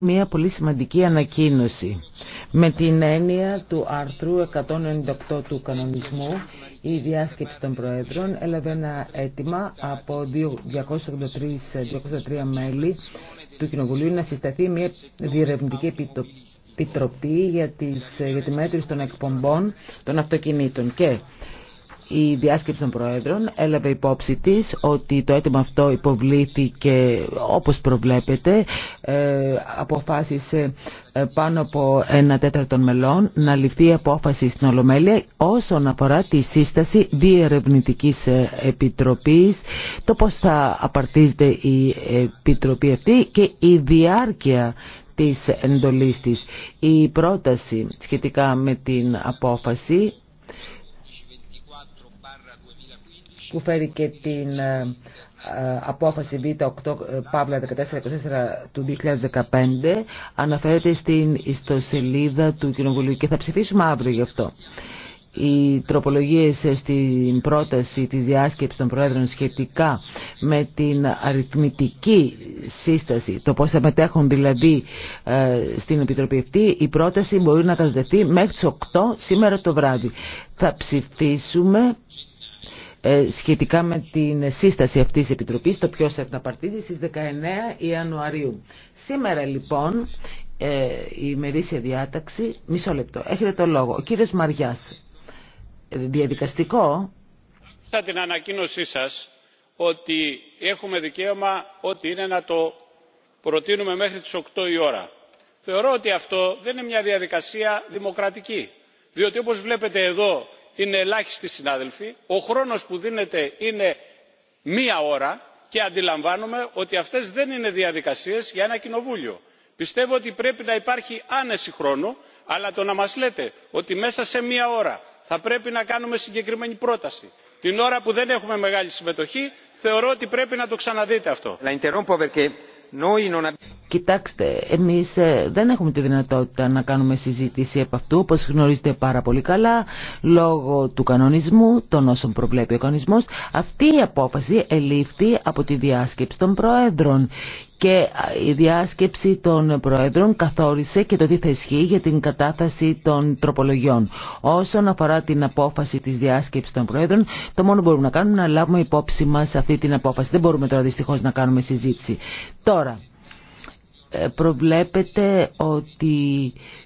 μια πολύ σημαντική ανακοίνωση. Με την έννοια του άρθρου 198 του κανονισμού, η διάσκεψη των Προέδρων έλαβε ένα αίτημα από 283 μέλη του Κοινοβουλίου να συσταθεί μια διερευνητική επιτροπή για, τις, για τη μέτρηση των εκπομπών των αυτοκινήτων. Και η διάσκεψη των Προέδρων έλαβε υπόψη της ότι το έτοιμο αυτό υποβλήθηκε όπως προβλέπεται. Ε, αποφάσισε ε, πάνω από ένα τέταρτο μελών να ληφθεί απόφαση στην Ολομέλεια όσον αφορά τη σύσταση διερευνητικής ε, επιτροπής, το πώς θα απαρτίζεται η επιτροπή αυτή και η διάρκεια της εντολής της. Η πρόταση σχετικά με την απόφαση που φέρει και την ε, ε, απόφαση Β8 ε, Παύλα 1424 του 2015 αναφέρεται στην ιστοσελίδα του Κοινοβουλίου και θα ψηφίσουμε αύριο γι' αυτό οι τροπολογίες στην πρόταση της διάσκεψης των Προέδρων σχετικά με την αριθμητική σύσταση, το πώς θα μετέχουν δηλαδή ε, στην Επιτροπή αυτή, η πρόταση μπορεί να καταδεθεί μέχρι τις 8 σήμερα το βράδυ. Θα ψηφίσουμε ε, σχετικά με την σύσταση αυτής της Επιτροπής, το ποιος θα επναπαρτίζει στις 19 Ιανουαρίου. Σήμερα λοιπόν ε, η ημερήσια διάταξη, μισό λεπτό, έχετε το λόγο, ο κύριος Μαριάς διαδικαστικό. Άκουσα την ανακοίνωσή σας ότι έχουμε δικαίωμα ό,τι είναι να το προτείνουμε μέχρι τις 8 η ώρα. Θεωρώ ότι αυτό δεν είναι μια διαδικασία δημοκρατική, διότι όπως βλέπετε εδώ είναι ελάχιστοι συνάδελφοι, ο χρόνος που δίνεται είναι μία ώρα και αντιλαμβάνομαι ότι αυτές δεν είναι διαδικασίες για ένα κοινοβούλιο. Πιστεύω ότι πρέπει να υπάρχει άνεση χρόνου, αλλά το να μας λέτε ότι μέσα σε μία ώρα θα πρέπει να κάνουμε συγκεκριμένη πρόταση. την ώρα που δεν έχουμε μεγάλη συμμετοχή θεωρώ ότι πρέπει να το ξαναδείτε αυτό. Κοιτάξτε, εμεί ε, δεν έχουμε τη δυνατότητα να κάνουμε συζήτηση από αυτού, όπως γνωρίζετε πάρα πολύ καλά, λόγω του κανονισμού, των όσων προβλέπει ο κανονισμό. Αυτή η απόφαση ελήφθη από τη διάσκεψη των Προέδρων και η διάσκεψη των Προέδρων καθόρισε και το τι θα ισχύει για την κατάθεση των τροπολογιών. Όσον αφορά την απόφαση της διάσκεψης των Προέδρων, το μόνο που μπορούμε να κάνουμε είναι να λάβουμε υπόψη μας αυτή την απόφαση. Δεν μπορούμε τώρα δυστυχώς να κάνουμε συζήτηση. Τώρα, ε, προβλέπετε ότι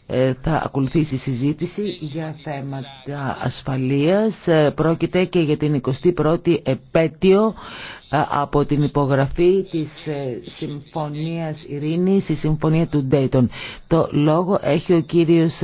ε, θα ακολουθήσει συζήτηση για θέματα ασφαλείας. Ε, πρόκειται και για την 21η επέτειο από την υπογραφή της Συμφωνίας Ειρήνης, η Συμφωνία του Ντέιτον. Το λόγο έχει ο κύριος